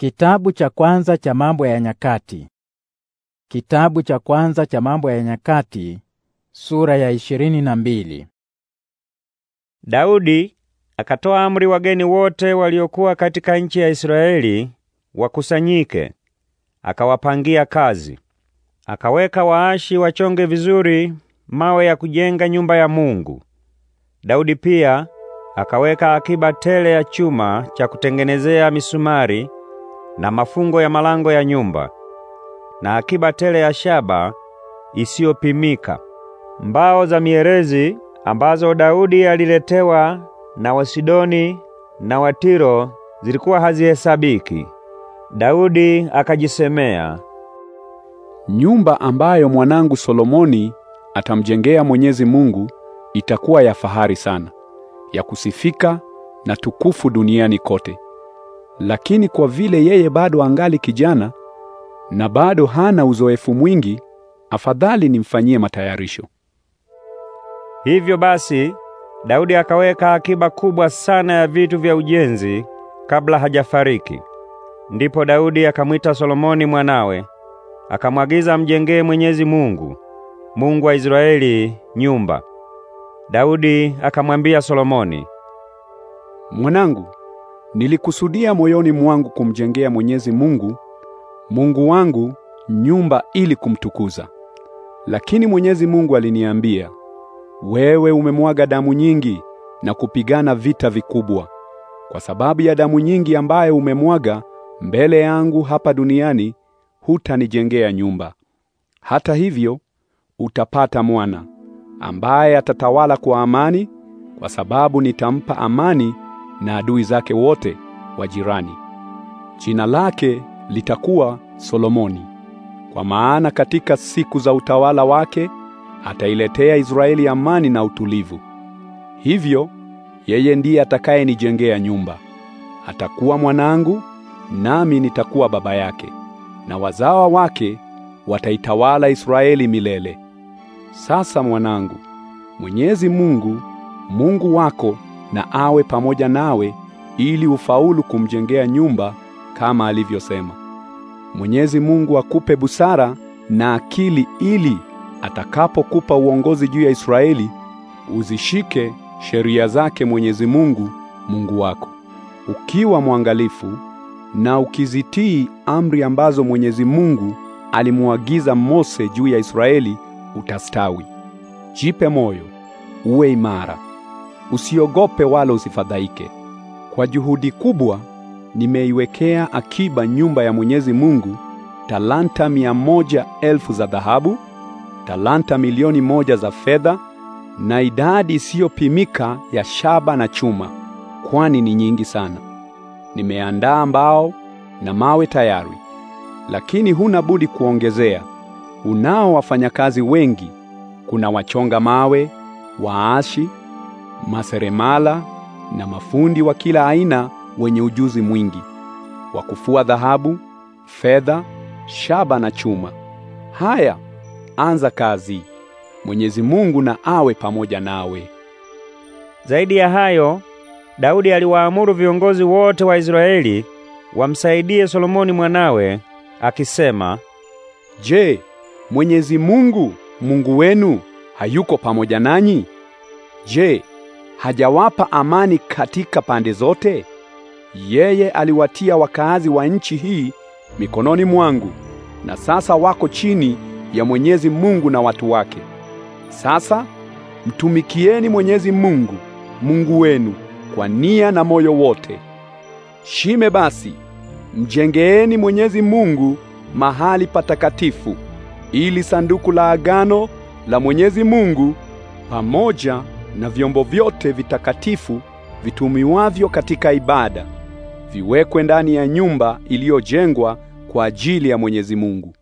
Kitabu cha kwanza cha Mambo ya Nyakati. Kitabu cha kwanza cha Mambo ya Nyakati sura ya ishirini na mbili. Daudi akatoa amri wageni wote waliokuwa katika nchi ya Israeli wakusanyike, akawapangia kazi. Akaweka waashi wachonge vizuri mawe ya kujenga nyumba ya Mungu. Daudi pia akaweka akiba tele ya chuma cha kutengenezea misumari na mafungo ya malango ya nyumba, na akiba tele ya shaba isiyopimika, mbao za mierezi ambazo Daudi aliletewa na Wasidoni na Watiro zilikuwa hazihesabiki. Daudi akajisemea, nyumba ambayo mwanangu Solomoni atamjengea Mwenyezi Mungu itakuwa ya fahari sana, ya kusifika na tukufu duniani kote. Lakini kwa vile yeye bado angali kijana na bado hana uzoefu mwingi, afadhali nimfanyie matayarisho. Hivyo basi, Daudi akaweka akiba kubwa sana ya vitu vya ujenzi kabla hajafariki. Ndipo Daudi akamwita Solomoni mwanawe, akamwagiza mjengee Mwenyezi Mungu, Mungu wa Israeli, nyumba. Daudi akamwambia Solomoni, mwanangu Nilikusudia moyoni mwangu kumjengea Mwenyezi Mungu, Mungu wangu, nyumba ili kumtukuza. Lakini Mwenyezi Mungu aliniambia, wewe umemwaga damu nyingi na kupigana vita vikubwa. Kwa sababu ya damu nyingi ambayo umemwaga mbele yangu hapa duniani, hutanijengea nyumba. Hata hivyo, utapata mwana ambaye atatawala kwa amani, kwa sababu nitampa amani na adui zake wote wa jirani. Jina lake litakuwa Solomoni, kwa maana katika siku za utawala wake atailetea Israeli amani na utulivu. Hivyo yeye ndiye atakayenijengea nyumba. Atakuwa mwanangu, nami nitakuwa baba yake, na wazawa wake wataitawala Israeli milele. Sasa mwanangu, Mwenyezi Mungu, Mungu wako na awe pamoja nawe ili ufaulu kumjengea nyumba kama alivyosema. Mwenyezi Mungu akupe busara na akili ili atakapokupa uongozi juu ya Israeli uzishike sheria zake Mwenyezi Mungu Mungu wako. Ukiwa mwangalifu na ukizitii amri ambazo Mwenyezi Mungu alimuagiza Mose juu ya Israeli utastawi. Jipe moyo, uwe imara. Usiogope wala usifadhaike. Kwa juhudi kubwa nimeiwekea akiba nyumba ya Mwenyezi Mungu talanta mia moja elfu za dhahabu, talanta milioni moja za fedha na idadi isiyopimika ya shaba na chuma, kwani ni nyingi sana. Nimeandaa mbao na mawe tayari, lakini huna budi kuongezea. Unao wafanyakazi wengi, kuna wachonga mawe, waashi maseremala na mafundi wa kila aina wenye ujuzi mwingi wa kufua dhahabu, fedha, shaba na chuma. Haya, anza kazi. Mwenyezi Mungu na awe pamoja nawe. Zaidi ya hayo, Daudi aliwaamuru viongozi wote wa Israeli wamsaidie Solomoni mwanawe akisema, "Je, Mwenyezi Mungu Mungu wenu hayuko pamoja nanyi? Je, hajawapa amani katika pande zote? Yeye aliwatia wakaazi wa nchi hii mikononi mwangu, na sasa wako chini ya Mwenyezi Mungu na watu wake. Sasa mtumikieni Mwenyezi Mungu, Mungu wenu kwa nia na moyo wote. Shime basi, mjengeeni Mwenyezi Mungu mahali patakatifu, ili sanduku la agano la Mwenyezi Mungu pamoja na vyombo vyote vitakatifu vitumiwavyo katika ibada viwekwe ndani ya nyumba iliyojengwa kwa ajili ya Mwenyezi Mungu.